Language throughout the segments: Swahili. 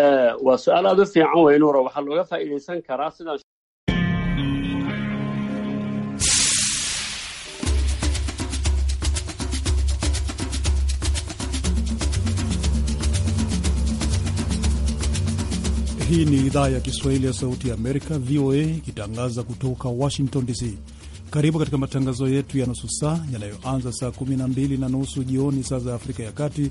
Eh, waa su-aal aad u fiican weyn waxaa looga faa'iidaysan karaa sidaan Hii ni idhaa ya Kiswahili ya Sauti ya Amerika, VOA, ikitangaza kutoka Washington DC. Karibu katika matangazo yetu ya nusu saa yanayoanza saa 12 na nusu jioni saa za Afrika ya Kati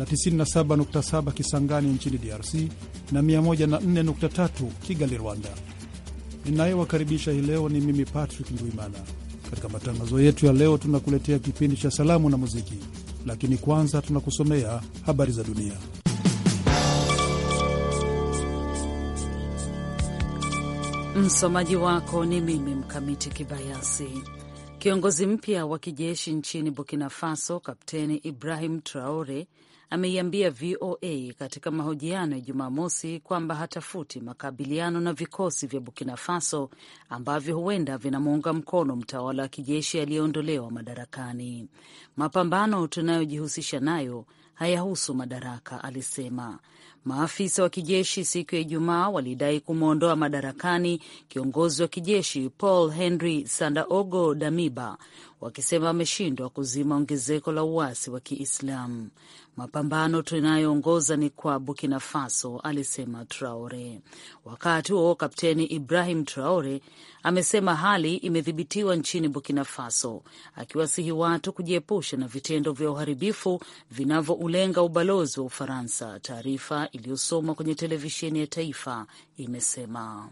na 97.7 Kisangani nchini DRC na 104.3 Kigali, Rwanda. Ninayewakaribisha hii leo ni mimi Patrick Ndwimana. Katika matangazo yetu ya leo, tunakuletea kipindi cha salamu na muziki, lakini kwanza tunakusomea habari za dunia. Msomaji wako ni mimi Mkamiti Kibayasi. Kiongozi mpya wa kijeshi nchini Burkina Faso, Kapteni Ibrahim Traore ameiambia VOA katika mahojiano ya Jumamosi kwamba hatafuti makabiliano na vikosi vya Burkina Faso ambavyo huenda vinamuunga mkono mtawala wa kijeshi aliyeondolewa madarakani. Mapambano tunayojihusisha nayo hayahusu madaraka, alisema. Maafisa wa kijeshi siku ya Ijumaa walidai kumwondoa madarakani kiongozi wa kijeshi Paul Henry Sandaogo Damiba, wakisema ameshindwa kuzima ongezeko la uasi wa Kiislamu. Mapambano tunayoongoza ni kwa Burkina Faso, alisema Traore. Wakati huo Kapteni Ibrahim Traore amesema hali imedhibitiwa nchini Burkina Faso, akiwasihi watu kujiepusha na vitendo vya uharibifu vinavyoulenga ubalozi wa Ufaransa. Taarifa iliyosomwa kwenye televisheni ya taifa imesema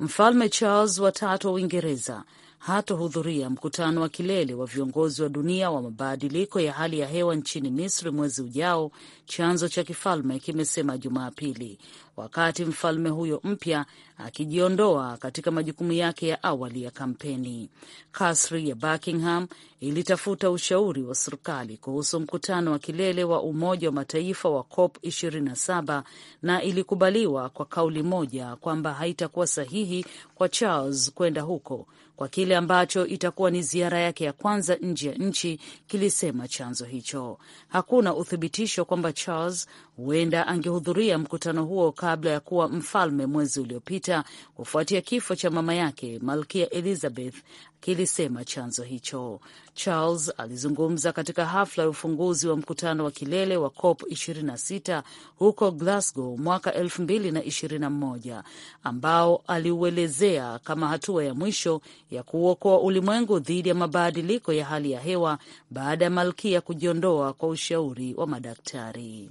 Mfalme Charles watatu wa Uingereza hatohudhuria mkutano wa kilele wa viongozi wa dunia wa mabadiliko ya hali ya hewa nchini Misri mwezi ujao, chanzo cha kifalme kimesema Jumapili, wakati mfalme huyo mpya akijiondoa katika majukumu yake ya awali ya kampeni. Kasri ya Buckingham ilitafuta ushauri wa serikali kuhusu mkutano wa kilele wa Umoja wa Mataifa wa COP 27 na ilikubaliwa kwa kauli moja kwamba haitakuwa sahihi kwa Charles kwenda huko kwa kile ambacho itakuwa ni ziara yake ya kwanza nje ya nchi, kilisema chanzo hicho. Hakuna uthibitisho kwamba Charles huenda angehudhuria mkutano huo kabla ya kuwa mfalme mwezi uliopita, kufuatia kifo cha mama yake Malkia Elizabeth kilisema chanzo hicho. Charles alizungumza katika hafla ya ufunguzi wa mkutano wa kilele wa COP 26 huko Glasgow mwaka 2021 ambao aliuelezea kama hatua ya mwisho ya kuokoa ulimwengu dhidi ya mabadiliko ya hali ya hewa baada ya malkia kujiondoa kwa ushauri wa madaktari.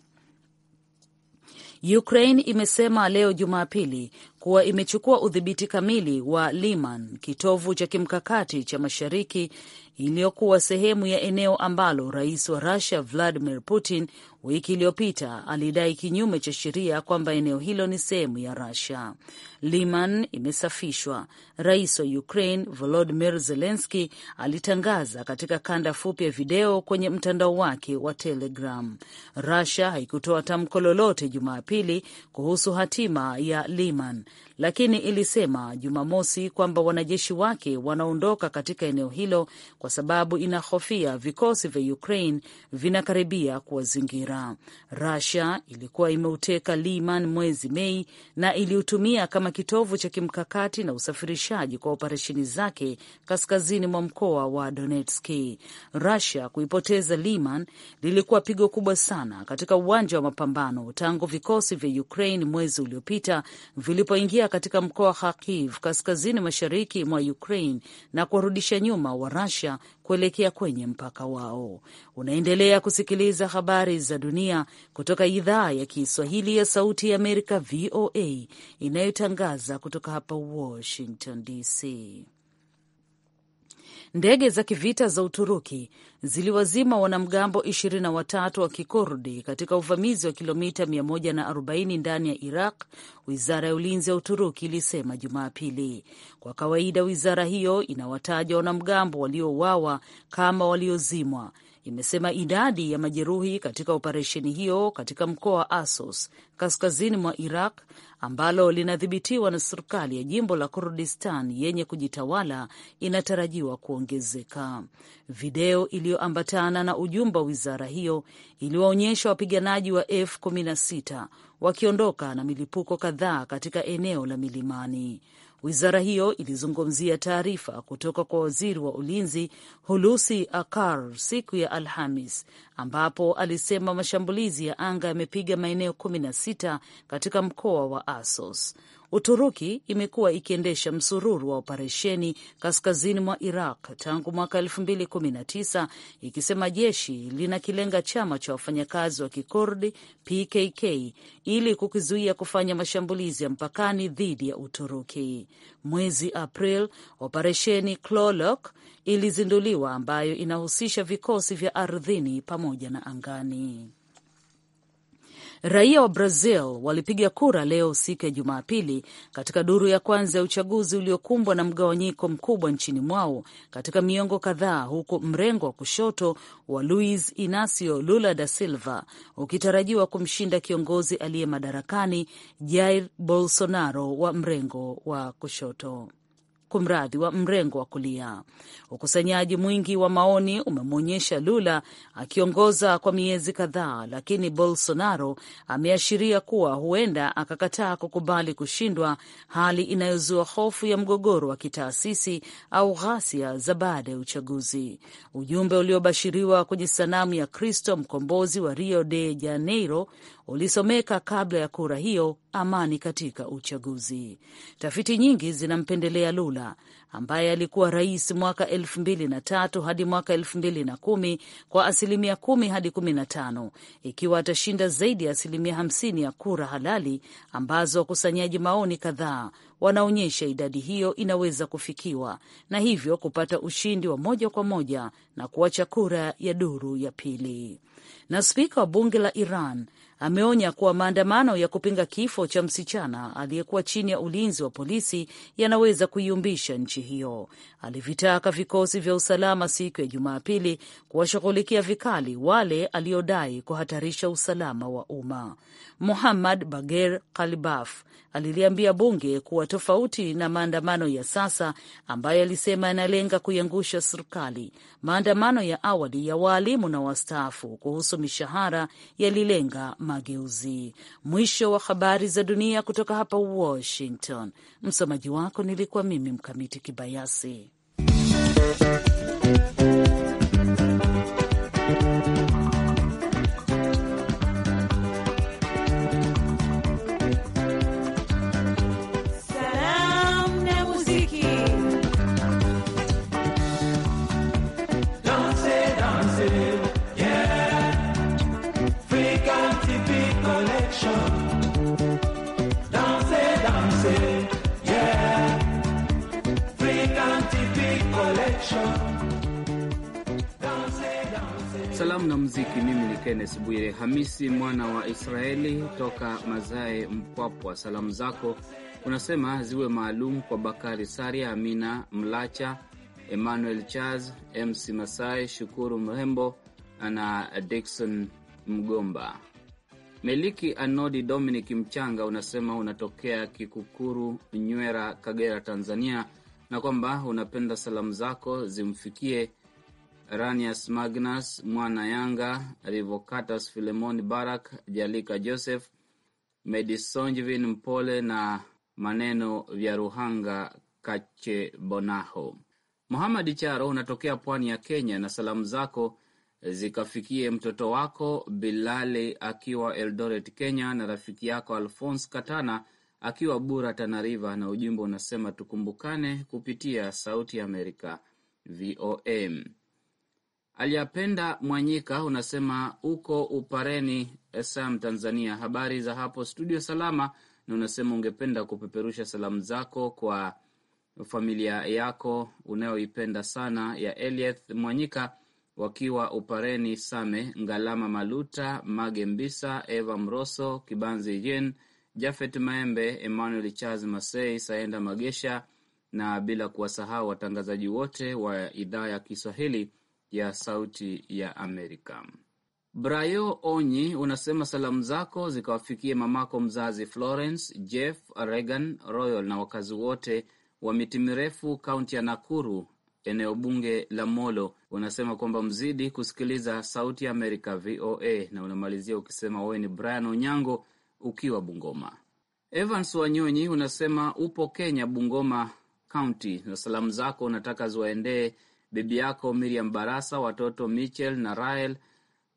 Ukraine imesema leo Jumapili kuwa imechukua udhibiti kamili wa Liman, kitovu cha kimkakati cha mashariki iliyokuwa sehemu ya eneo ambalo rais wa Rusia Vladimir Putin wiki iliyopita alidai kinyume cha sheria kwamba eneo hilo ni sehemu ya Rusia. Liman imesafishwa. Rais wa Ukraine volodimir zelenski alitangaza katika kanda fupi ya video kwenye mtandao wake wa Telegram. Rusia haikutoa tamko lolote Jumapili kuhusu hatima ya Liman, lakini ilisema Jumamosi kwamba wanajeshi wake wanaondoka katika eneo hilo kwa kwa sababu inahofia vikosi vya Ukraine vinakaribia kuwazingira. Russia ilikuwa imeuteka Liman mwezi Mei na iliutumia kama kitovu cha kimkakati na usafirishaji kwa operesheni zake kaskazini mwa mkoa wa Donetsk. Russia kuipoteza Liman lilikuwa pigo kubwa sana katika uwanja wa mapambano tangu vikosi vya Ukraine mwezi uliopita vilipoingia katika mkoa wa Kharkiv kaskazini mashariki mwa Ukraine na kuwarudisha nyuma wa Russia kuelekea kwenye mpaka wao. Unaendelea kusikiliza habari za dunia kutoka idhaa ya Kiswahili ya Sauti ya Amerika, VOA, inayotangaza kutoka hapa Washington DC. Ndege za kivita za Uturuki ziliwazima wanamgambo 23 wa kikurdi katika uvamizi wa kilomita 140 ndani ya Iraq, wizara ya ulinzi ya Uturuki ilisema Jumapili. Kwa kawaida, wizara hiyo inawataja wanamgambo waliouawa kama waliozimwa, imesema idadi ya majeruhi katika operesheni hiyo katika mkoa wa Asos kaskazini mwa Iraq ambalo linadhibitiwa na serikali ya jimbo la Kurdistan yenye kujitawala inatarajiwa kuongezeka. Video iliyoambatana na ujumbe wa wizara hiyo iliwaonyesha wapiganaji wa F16 wakiondoka na milipuko kadhaa katika eneo la milimani. Wizara hiyo ilizungumzia taarifa kutoka kwa waziri wa ulinzi Hulusi Akar siku ya Alhamis, ambapo alisema mashambulizi ya anga yamepiga maeneo 16 katika mkoa wa Asos. Uturuki imekuwa ikiendesha msururu wa operesheni kaskazini mwa Iraq tangu mwaka 2019 ikisema jeshi linakilenga chama cha wafanyakazi wa Kikurdi PKK ili kukizuia kufanya mashambulizi ya mpakani dhidi ya Uturuki. Mwezi April, operesheni Clawlock ilizinduliwa ambayo inahusisha vikosi vya ardhini pamoja na angani. Raia wa Brazil walipiga kura leo siku ya Jumapili katika duru ya kwanza ya uchaguzi uliokumbwa na mgawanyiko mkubwa nchini mwao katika miongo kadhaa, huku mrengo wa kushoto wa Luiz Inacio Lula da Silva ukitarajiwa kumshinda kiongozi aliye madarakani Jair Bolsonaro wa mrengo wa kushoto kumradhi, wa mrengo wa kulia. Ukusanyaji mwingi wa maoni umemwonyesha Lula akiongoza kwa miezi kadhaa, lakini Bolsonaro ameashiria kuwa huenda akakataa kukubali kushindwa, hali inayozua hofu ya mgogoro wa kitaasisi au ghasia za baada ya uchaguzi. Ujumbe uliobashiriwa kwenye sanamu ya Kristo mkombozi wa Rio de Janeiro ulisomeka kabla ya kura hiyo amani katika uchaguzi. Tafiti nyingi zinampendelea Lula ambaye alikuwa rais mwaka elfu mbili na tatu hadi mwaka elfu mbili na kumi kwa asilimia kumi hadi kumi na tano ikiwa atashinda zaidi ya asilimia hamsini ya kura halali ambazo wakusanyaji maoni kadhaa wanaonyesha idadi hiyo inaweza kufikiwa na hivyo kupata ushindi wa moja kwa moja na kuacha kura ya duru ya pili. Na spika wa bunge la Iran ameonya kuwa maandamano ya kupinga kifo cha msichana aliyekuwa chini ya ulinzi wa polisi yanaweza kuiumbisha nchi hiyo. Alivitaka vikosi vya usalama siku ya Jumapili kuwashughulikia vikali wale aliodai kuhatarisha usalama wa umma. Muhammad Bager Kalibaf aliliambia bunge kuwa tofauti na maandamano ya sasa ambayo alisema yanalenga kuiangusha serikali, maandamano ya awali ya waalimu na wastaafu kuhusu mishahara yalilenga mageuzi. Mwisho wa habari za dunia kutoka hapa Washington. Msomaji wako nilikuwa mimi Mkamiti Kibayasi. Salamu na muziki. Mimi ni Kennes Bwire. Hamisi mwana wa Israeli toka Mazae Mpwapwa, salamu zako unasema ziwe maalum kwa Bakari Saria, Amina Mlacha, Emmanuel Charles, MC Masai, Shukuru Mrembo na Dikson Mgomba, Meliki Anodi, Dominic Mchanga. Unasema unatokea Kikukuru, Nywera, Kagera, Tanzania na kwamba unapenda salamu zako zimfikie Ranias Magnus Mwana Yanga, Rivocatus Filemon Barak, Jalika Joseph Medisonjvin Mpole na maneno vya Ruhanga Kachebonaho. Muhamad Charo, unatokea pwani ya Kenya, na salamu zako zikafikie mtoto wako Bilali akiwa Eldoret, Kenya, na rafiki yako Alfons Katana akiwa Bura Tana River na ujumbe unasema tukumbukane kupitia Sauti ya Amerika VOM. Aliyapenda Mwanyika unasema uko Upareni, sam Tanzania. Habari za hapo studio, salama. Na unasema ungependa kupeperusha salamu zako kwa familia yako unayoipenda sana ya Elieth Mwanyika wakiwa Upareni, Same Ngalama, Maluta Mage, Mbisa Eva Mroso, Kibanzi Jen Jafet Maembe, Emmanuel Charles Masei, Saenda Magesha na bila kuwasahau watangazaji wote wa idhaa ya Kiswahili ya Sauti ya Amerika. Brayo Onyi unasema salamu zako zikawafikie mamako mzazi Florence, Jeff, Regan, Royal na wakazi wote wa miti mirefu kaunti ya Nakuru, eneo bunge la Molo. Unasema kwamba mzidi kusikiliza Sauti ya Amerika, VOA, na unamalizia ukisema wewe ni Brian Onyango ukiwa Bungoma. Evans Wanyonyi unasema upo Kenya, Bungoma kaunti na salamu zako unataka ziwaendee bibi yako Miriam Barasa, watoto Michel na Rael,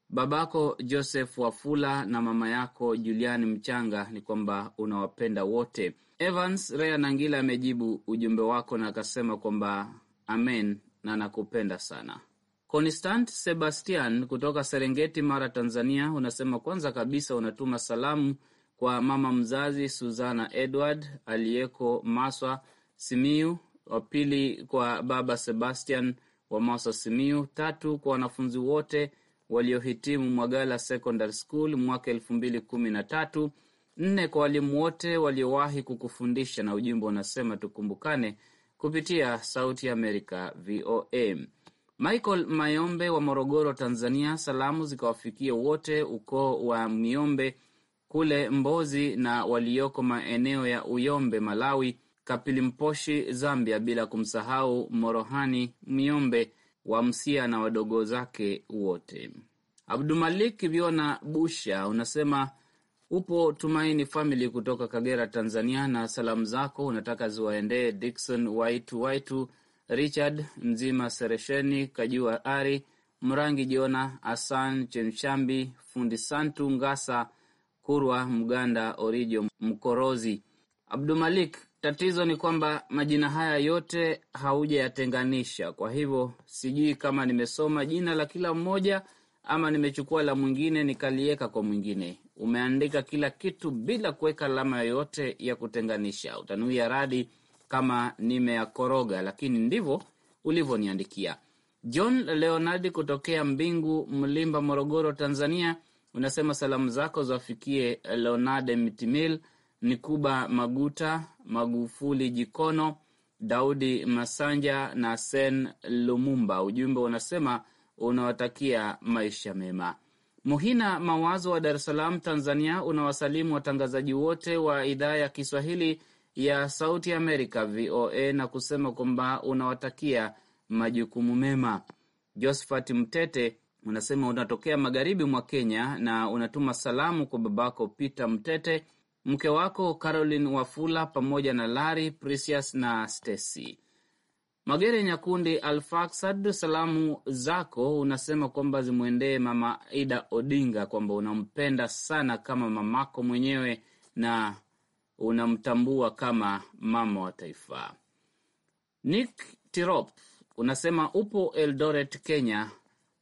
babako Joseph Wafula na mama yako Juliani Mchanga, ni kwamba unawapenda wote. Evans Rea Nangila amejibu ujumbe wako na akasema kwamba amen na nakupenda sana. Constant Sebastian kutoka Serengeti, Mara, Tanzania, unasema kwanza kabisa unatuma salamu kwa mama mzazi Suzana Edward aliyeko Maswa Simiu, wa pili kwa baba Sebastian wa Maswa Simiu, tatu kwa wanafunzi wote waliohitimu Mwagala Secondary School mwaka elfu mbili kumi na tatu, nne kwa walimu wote waliowahi kukufundisha. Na ujumbe unasema tukumbukane kupitia Sauti Amerika VOA. Michael Mayombe wa Morogoro, Tanzania, salamu zikawafikia wote ukoo wa Miombe kule Mbozi na walioko maeneo ya Uyombe Malawi, Kapilimposhi Zambia, bila kumsahau Morohani Myombe wa Msia na wadogo zake wote. Abdumalik Viona Busha unasema upo Tumaini famili kutoka Kagera, Tanzania, na salamu zako unataka ziwaendee Dikson Waitu Waitu, Richard Mzima, Seresheni Kajua, Ari Mrangi, Jona Asan Chemshambi, Fundi Santu Ngasa Kurwa Mganda Orijo Mkorozi Abdumalik Tatizo ni kwamba majina haya yote haujayatenganisha, kwa hivyo sijui kama nimesoma jina la kila mmoja ama nimechukua la mwingine nikaliweka kwa mwingine. Umeandika kila kitu bila kuweka alama yoyote ya kutenganisha. Utanuia radi kama nimeyakoroga, lakini ndivyo ulivyoniandikia. John Leonardi kutokea Mbingu Mlimba, Morogoro, Tanzania unasema salamu zako zafikie Leonade Mitimil, Nikuba Maguta, Magufuli Jikono, Daudi Masanja na Sen Lumumba. Ujumbe unasema unawatakia maisha mema. Muhina Mawazo wa Dar es Salaam, Tanzania, unawasalimu watangazaji wote wa idhaa ya Kiswahili ya Sauti Amerika, VOA, na kusema kwamba unawatakia majukumu mema. Josphat Mtete unasema unatokea magharibi mwa Kenya na unatuma salamu kwa babako Peter Mtete, mke wako Caroline Wafula pamoja na Larry Precious na Stacy Magere Nyakundi Alfaksad. Salamu zako unasema kwamba zimwendee mama Ida Odinga, kwamba unampenda sana kama mamako mwenyewe na unamtambua kama mama wa taifa. Nick Tirop unasema upo Eldoret, Kenya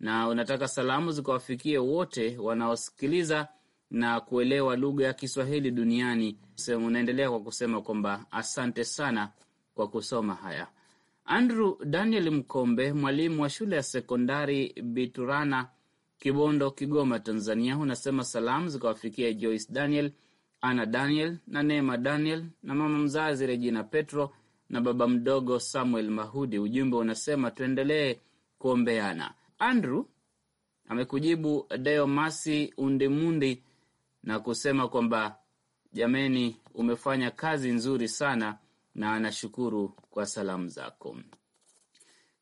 na unataka salamu zikawafikie wote wanaosikiliza na kuelewa lugha ya Kiswahili duniani. Unaendelea kwa kusema kwamba asante sana kwa kusoma haya. Andrew Daniel Mkombe, mwalimu wa shule ya sekondari Biturana, Kibondo, Kigoma, Tanzania, unasema salamu zikawafikia Joyce Daniel, Ana Daniel na Neema Daniel na mama mzazi Regina Petro na baba mdogo Samuel Mahudi. Ujumbe unasema tuendelee kuombeana. Andrew amekujibu Dayomasi undimundi na kusema kwamba jameni, umefanya kazi nzuri sana na anashukuru kwa salamu zako.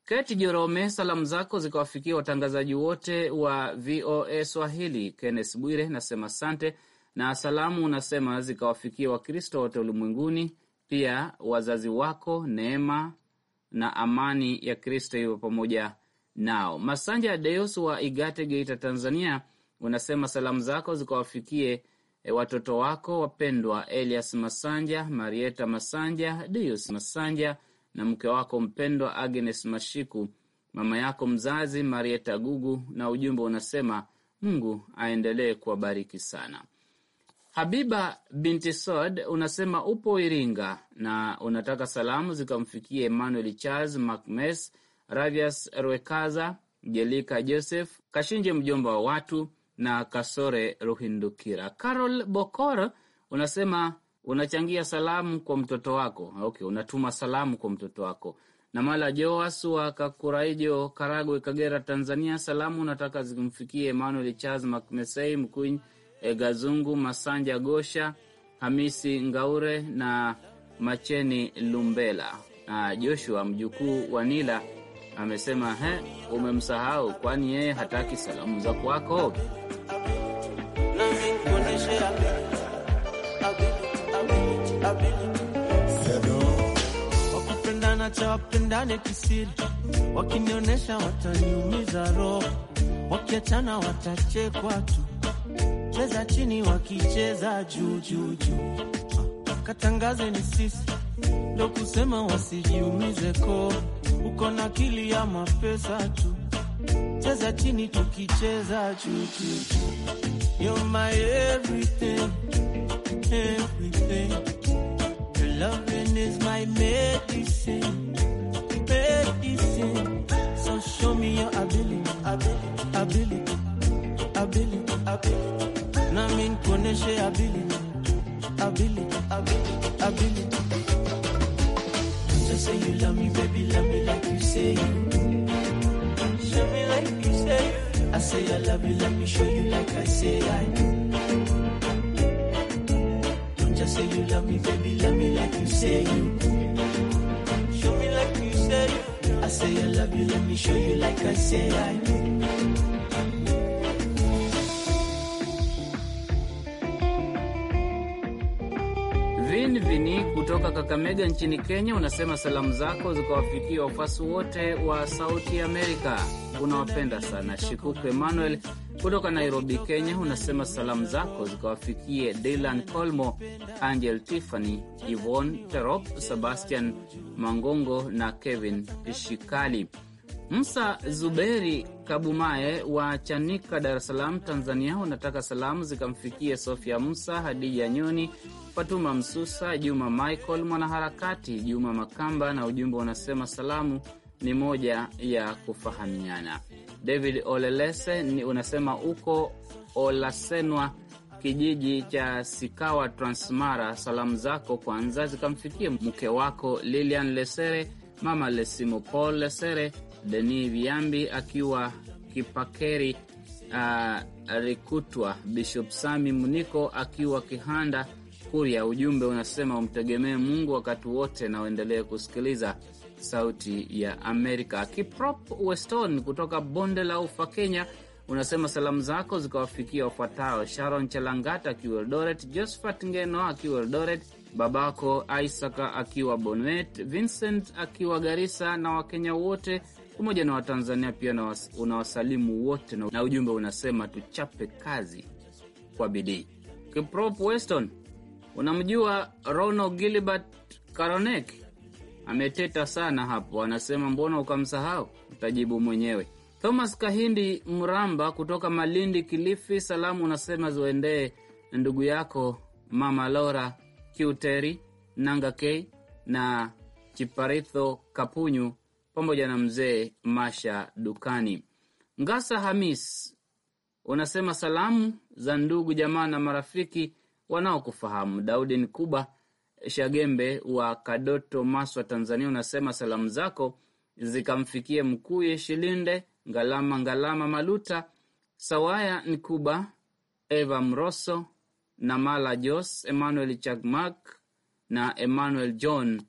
Keti Jorome, salamu zako zikawafikia watangazaji wote wa VOA Swahili. Kenneth Bwire nasema sante, na salamu unasema zikawafikia Wakristo wote ulimwenguni, pia wazazi wako, neema na amani ya Kristo iwe pamoja nao. Masanja ya Deus wa Igate, Geita, Tanzania, unasema salamu zako zikawafikie e, watoto wako wapendwa Elias Masanja, Marieta Masanja, Deus Masanja na mke wako mpendwa Agnes Mashiku, mama yako mzazi Marieta Gugu, na ujumbe unasema Mungu aendelee kuwabariki sana. Habiba binti Sod unasema upo Iringa na unataka salamu zikamfikie Emmanuel Charles Macmes Ravias Rwekaza, Jelika Joseph Kashinje, mjomba wa watu na Kasore Ruhindukira. Carol Bokor unasema unachangia salamu kwa mtoto wako. Okay, unatuma salamu kwa mtoto wako. Na Mala Joas wa Kakuraijo, Karagwe, Kagera, Tanzania, salamu nataka zimfikie Emmanuel Charles Macmesei Mkuny, Egazungu, Masanja, Gosha Hamisi Ngaure na Macheni Lumbela na Joshua mjukuu wa Nila amesema he, umemsahau kwani yeye hataki salamu za kwako. Wakipendana cha wapendane kisiri, wakinionyesha wataniumiza roho, wakiachana watachekwa tu, cheza chini wakicheza juu juu juu, ah, katangaze ni sisi ndo kusema wasijiumize ko uko na akili ya mapesa tu, cheza chini tukicheza chuchu. You're my everything, everything. Your loving is my medicine, medicine. So show me your ability, ability, ability, ability, ability. Na mimi nikuoneshe ability, ability, ability, ability. say you love me, baby, love me like you say you Show me like you say you I say I love you, let me show you like I say I do. Don't just say you love me, baby, love me like you say you Show me like you say you I say I love you, let me show you like I say I do. Kakamega nchini Kenya unasema salamu zako zikawafikia wafuasi wote wa Sauti Amerika, unawapenda sana. Shikuku Emmanuel kutoka Nairobi, Kenya, unasema salamu zako zikawafikie Dylan Colmo, Angel Tiffany, Yvonne Terop, Sebastian Mangongo na Kevin Shikali. Musa Zuberi Kabumae wa Chanika, Dar es Salaam, Tanzania, unataka salamu zikamfikie Sofia Musa, Hadija Nyoni, Fatuma Msusa, Juma Michael mwanaharakati, Juma Makamba, na ujumbe unasema salamu ni moja ya kufahamiana. David Olelese ni unasema uko Olasenwa, kijiji cha Sikawa, Transmara. Salamu zako kwanza zikamfikie mke wako Lilian Lesere, mama Lesimo Paul Lesere, Deni Viambi akiwa Kipakeri uh, Rikutwa, Bishop Sami Muniko akiwa Kihanda Kuria. Ujumbe unasema umtegemee Mungu wakati wote na uendelee kusikiliza Sauti ya Amerika. Kiprop Weston kutoka bonde la Ufa, Kenya, unasema salamu zako zikawafikia wafuatao: Sharon Chalangata akiwa Eldoret, Josphat Ngeno akiwa Eldoret, babako Isaka akiwa Bonet, Vincent akiwa garisa na Wakenya wote pamoja na Watanzania pia unawasalimu wote na, na ujumbe unasema tuchape kazi kwa bidii. Kiprop Weston, unamjua Rono Gilbert Karonek ameteta sana hapo, anasema mbona ukamsahau? Utajibu mwenyewe. Thomas Kahindi Mramba kutoka Malindi, Kilifi, salamu unasema ziwaendee ndugu yako Mama Lora Kiuteri Nanga K na Chiparitho Kapunyu pamoja na mzee Masha Dukani. Ngasa Hamis unasema salamu za ndugu jamaa na marafiki wanaokufahamu. Daudi Nkuba Shagembe wa Kadoto, Maswa, Tanzania, unasema salamu zako zikamfikie Mkuye Shilinde, Ngalama Ngalama Maluta, Sawaya Nkuba, Eva Mroso na Mala Jos, Emmanuel Chagmak na Emmanuel John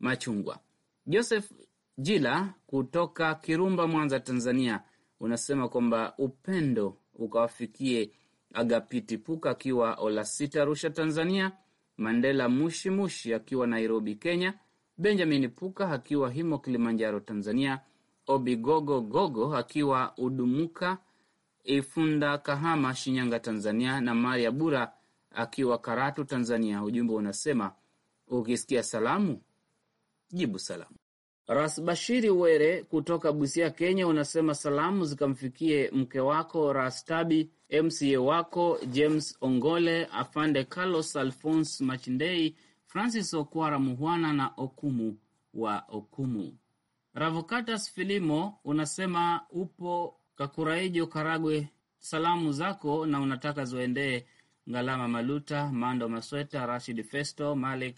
Machungwa. Joseph Jila kutoka Kirumba, Mwanza, Tanzania, unasema kwamba upendo ukawafikie Agapiti Puka akiwa Olasita, Arusha, Tanzania, Mandela Mushi Mushi akiwa Nairobi, Kenya, Benjamin Puka akiwa Himo, Kilimanjaro, Tanzania, Obigogo Gogo akiwa Udumuka Ifunda, Kahama, Shinyanga, Tanzania, na Maria Bura akiwa Karatu, Tanzania. Ujumbe unasema ukisikia salamu jibu salamu ras bashiri Were kutoka Busia, Kenya, unasema salamu zikamfikie mke wako ras tabi MCA wako James Ongole, afande Carlos alfons Machindei, Francis Okwara Muhwana na Okumu wa Okumu. Ravocatas Filimo unasema upo Kakuraijo, Karagwe, salamu zako na unataka ziwaendee Ngalama Maluta, Mando Masweta, Rashid Festo, Malik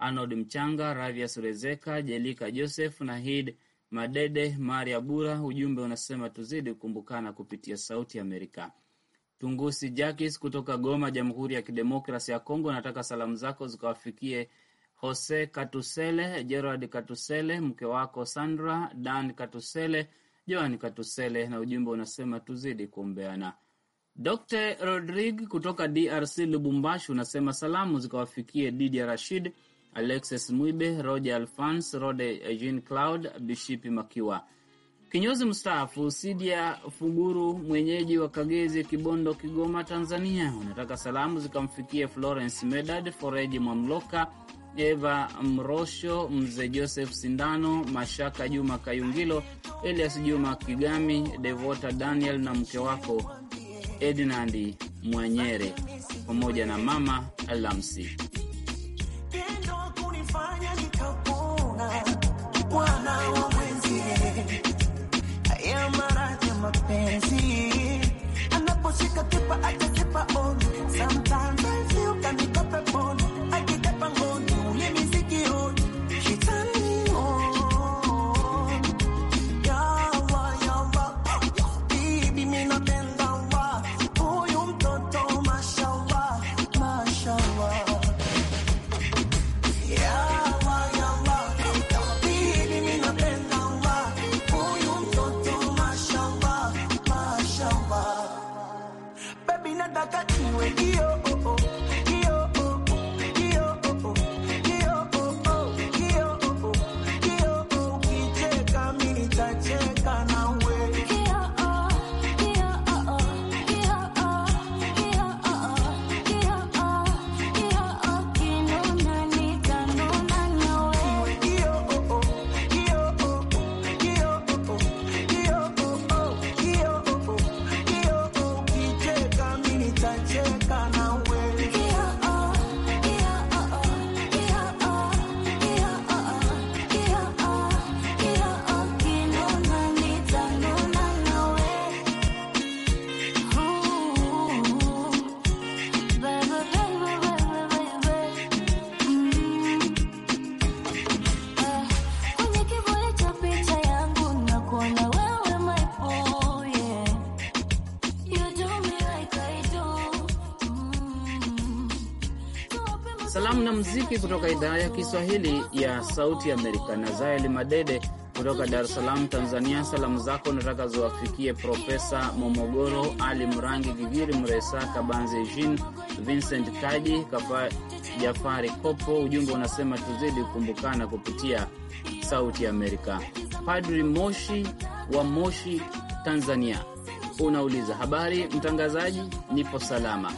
Arnold Mchanga, Ravias Rezeka, Jelika Joseph na Hid Madede Maria Bura. Ujumbe unasema tuzidi kukumbukana kupitia Sauti ya Amerika. Tungusi Jakis kutoka Goma, Jamhuri ya Kidemokrasi ya Kongo, nataka salamu zako zikawafikie Jose Katusele, Gerard Katusele, mke wako Sandra, Dan Katusele, Joan Katusele, na ujumbe unasema tuzidi kuombeana. Dr Rodrigue kutoka DRC, Lubumbashi, unasema salamu zikawafikie Didia Rashid Alexis Mwibe, Roger alfans Rode, Jean claud Bishipi Makiwa, kinyozi mstaafu Sidia Fuguru, mwenyeji wa Kagezi, Kibondo, Kigoma, Tanzania. Unataka salamu zikamfikie Florence Medad, Foreji Mwamloka, Eva Mrosho, Mzee Joseph Sindano, Mashaka Juma Kayungilo, Elias Juma Kigami, Devota Daniel na mke wako Ednandi Mwanyere pamoja na mama Lamsi. but I just katiwe salamu na mziki kutoka idhaa ya Kiswahili ya Sauti Amerika. Nazaeli Madede kutoka Dar es Salaam, Tanzania, salamu zako nataka ziwafikie Profesa Momogoro Ali Mrangi, Gigiri Mresa, Kabanze Jin, Vincent Kaji Kapa, Jafari Kopo. Ujumbe unasema tuzidi kukumbukana kupitia Sauti Amerika. Padri Moshi wa Moshi, Tanzania, unauliza habari mtangazaji, nipo salama.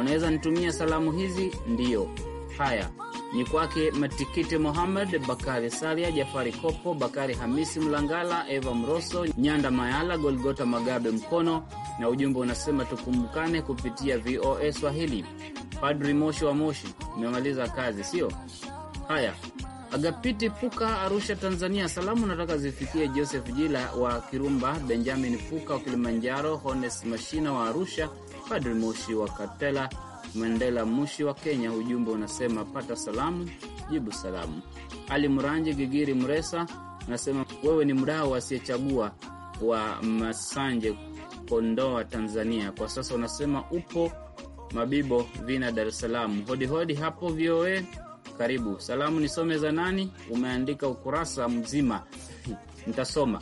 Unaweza nitumia salamu hizi? Ndiyo, haya ni kwake Matikiti Mohamed, Bakari Salia, Jafari Kopo, Bakari Hamisi Mlangala, Eva Mroso, Nyanda Mayala, Golgota Magabe Mkono, na ujumbe unasema tukumbukane kupitia VOA Swahili. Padri Moshi wa Moshi, umemaliza kazi sio? Haya, Agapiti Puka, Arusha, Tanzania, salamu nataka zifikie Joseph Jila wa Kirumba, Benjamin Puka wa Kilimanjaro, Hones Mashina wa Arusha, Padri Moshi wa Katela Mandela Mushi wa Kenya, ujumbe unasema pata salamu, jibu salamu. Ali Mranji Gigiri Mresa anasema wewe ni mdau asiyechagua wa Masanje, Kondoa, Tanzania. Kwa sasa unasema upo Mabibo Vina, Dar es Salaam. Hodi hodi hapo VOA, karibu. Salamu nisome za nani? Umeandika ukurasa mzima nitasoma.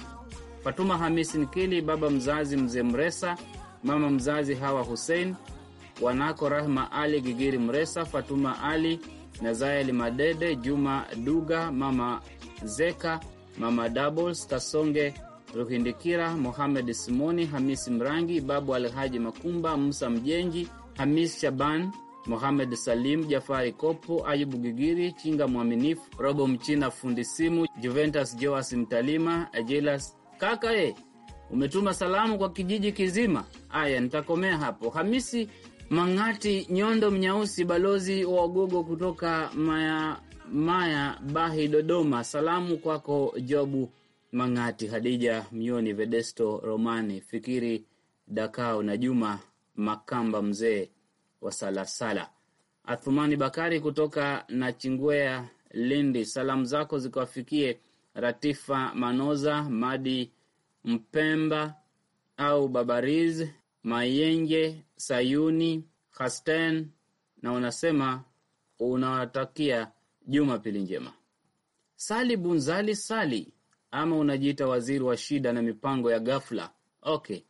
Fatuma Hamisi Nkili, baba mzazi mzee Mresa, mama mzazi Hawa Hussein wanako Rahma Ali Gigiri Mresa, Fatuma Ali Nazaeli Madede, Juma Duga, Mama Zeka, Mama Doubles, Kasonge Ruhindikira, Mohamed Simoni, Hamisi Mrangi, Babu Alhaji Makumba, Musa Mjenji, Hamis Shaban, Mohamed Salim, Jafari Kopo, Ayubu Gigiri, Chinga Mwaminifu, Robo Mchina, fundi simu, Juventus Joas Mtalima, Ajilas Kakae, umetuma salamu kwa kijiji kizima. Aya, nitakomea hapo. Hamisi Mang'ati Nyondo Mnyausi, balozi wa Wagogo kutoka Maya, Maya Bahi, Dodoma. Salamu kwako Jobu Mang'ati, Hadija Myoni, Vedesto Romani, Fikiri Dakao na Juma Makamba, mzee wa Salasala, Athumani Bakari kutoka Nachingwea, Lindi. Salamu zako zikawafikie Ratifa Manoza, Madi Mpemba au Babariz Mayenge Sayuni hasten na unasema unawatakia Jumapili njema. Sali Bunzali Sali, ama unajiita waziri wa shida na mipango ya ghafla. Okay.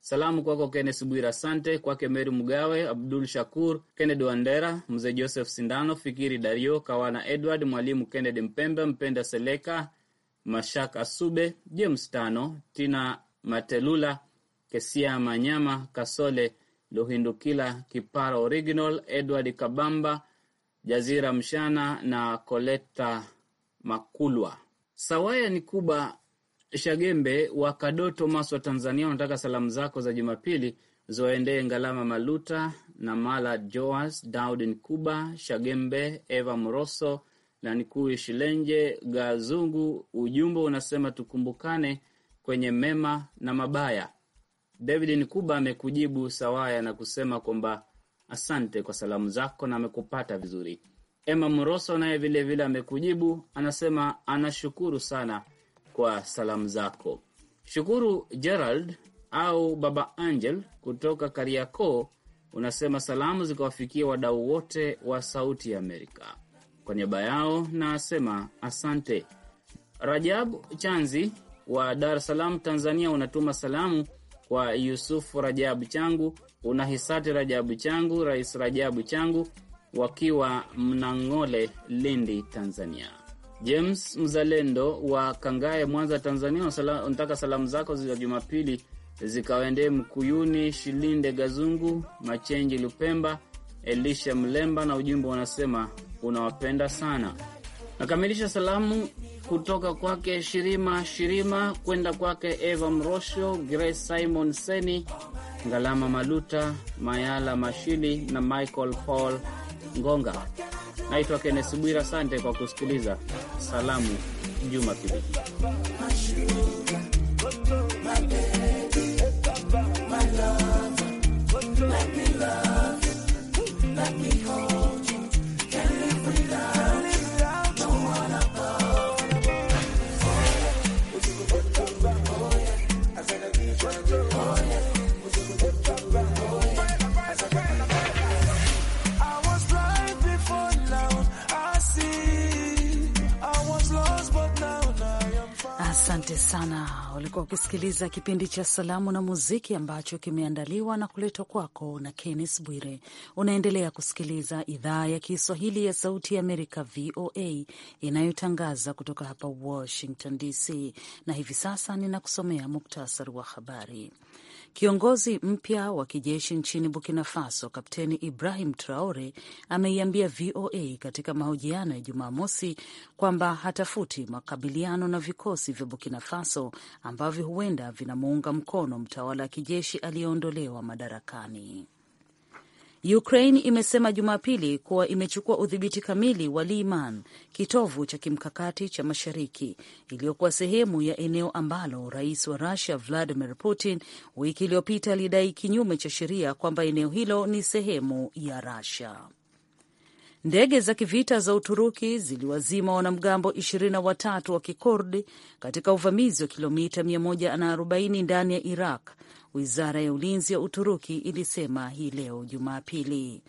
Salamu kwako Kennes Bwira, asante kwake Meri Mgawe, Abdul Shakur, Kennedy Wandera, mzee Joseph Sindano, Fikiri Dario, Kawana Edward, mwalimu Kennedy Mpembe, Mpenda Seleka, Mashaka Sube, James Tano, Tina Matelula, Kesia Manyama, Kasole Luhindukila Kipara Original, Edward Kabamba, Jazira Mshana na Koleta Makulwa. Sawaya ni Kuba Shagembe wa Kadoto, Maswa, Tanzania, unataka salamu zako za Jumapili zoendee Ngalama Maluta na Mala Joas, Daud Nkuba Shagembe, Eva Mroso na Nikui Shilenje Gazungu. Ujumbe unasema tukumbukane kwenye mema na mabaya. David Nkuba amekujibu sawaya na kusema kwamba asante kwa salamu zako na amekupata vizuri. Emma Mroso naye vilevile amekujibu, anasema anashukuru sana kwa salamu zako. Shukuru Gerald au Baba Angel kutoka Kariakoo unasema salamu zikawafikia wadau wote wa Sauti ya Amerika. Kwa niaba yao nasema asante. Rajab Chanzi wa Dar es Salaam, Tanzania, unatuma salamu kwa Yusufu Rajabu Changu, unahisati Rajabu Changu, Rais Rajabu Changu wakiwa Mnang'ole, Lindi, Tanzania. James Mzalendo wa Kangae, Mwanza, Tanzania, unataka salamu zako za Jumapili zikawaendee Mkuyuni Shilinde, Gazungu Machenji, Lupemba, Elisha Mlemba, na ujumbe unasema unawapenda sana. Nakamilisha salamu kutoka kwake Shirima Shirima kwenda kwake Eva Mrosho, Grace Simon Seni, Ngalama Maluta, Mayala Mashili na Michael Paul Ngonga. Naitwa Kennes Bwira, asante kwa kusikiliza salamu Juma Kibiki. Ulikuwa ukisikiliza kipindi cha Salamu na Muziki ambacho kimeandaliwa na kuletwa kwako na kennis Bwire. Unaendelea kusikiliza idhaa ya Kiswahili ya Sauti ya Amerika, VOA, inayotangaza kutoka hapa Washington DC, na hivi sasa ninakusomea muktasari wa habari. Kiongozi mpya wa kijeshi nchini Burkina Faso, Kapteni Ibrahim Traore, ameiambia VOA katika mahojiano ya Jumamosi kwamba hatafuti makabiliano na vikosi vya Burkina Faso ambavyo huenda vinamuunga mkono mtawala wa kijeshi aliyeondolewa madarakani. Ukraine imesema Jumapili kuwa imechukua udhibiti kamili wa Liman, kitovu cha kimkakati cha mashariki, iliyokuwa sehemu ya eneo ambalo rais wa Rusia Vladimir Putin wiki iliyopita alidai kinyume cha sheria kwamba eneo hilo ni sehemu ya rasia Ndege za kivita za Uturuki ziliwazima wanamgambo 23 wa kikurdi katika uvamizi wa kilomita 140 ndani ya Iraq wizara ya ulinzi ya Uturuki ilisema hii leo Jumapili.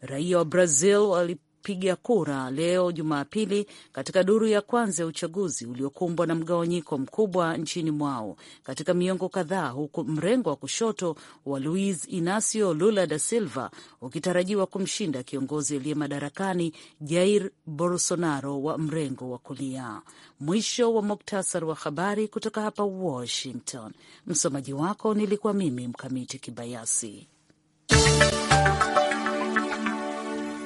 Raia wa Brazil kupiga kura leo Jumapili katika duru ya kwanza ya uchaguzi uliokumbwa na mgawanyiko mkubwa nchini mwao katika miongo kadhaa, huku mrengo wa kushoto wa luis Inacio Lula da Silva ukitarajiwa kumshinda kiongozi aliye madarakani Jair Bolsonaro wa mrengo wa kulia. Mwisho wa muktasari wa habari kutoka hapa Washington. Msomaji wako nilikuwa mimi Mkamiti Kibayasi.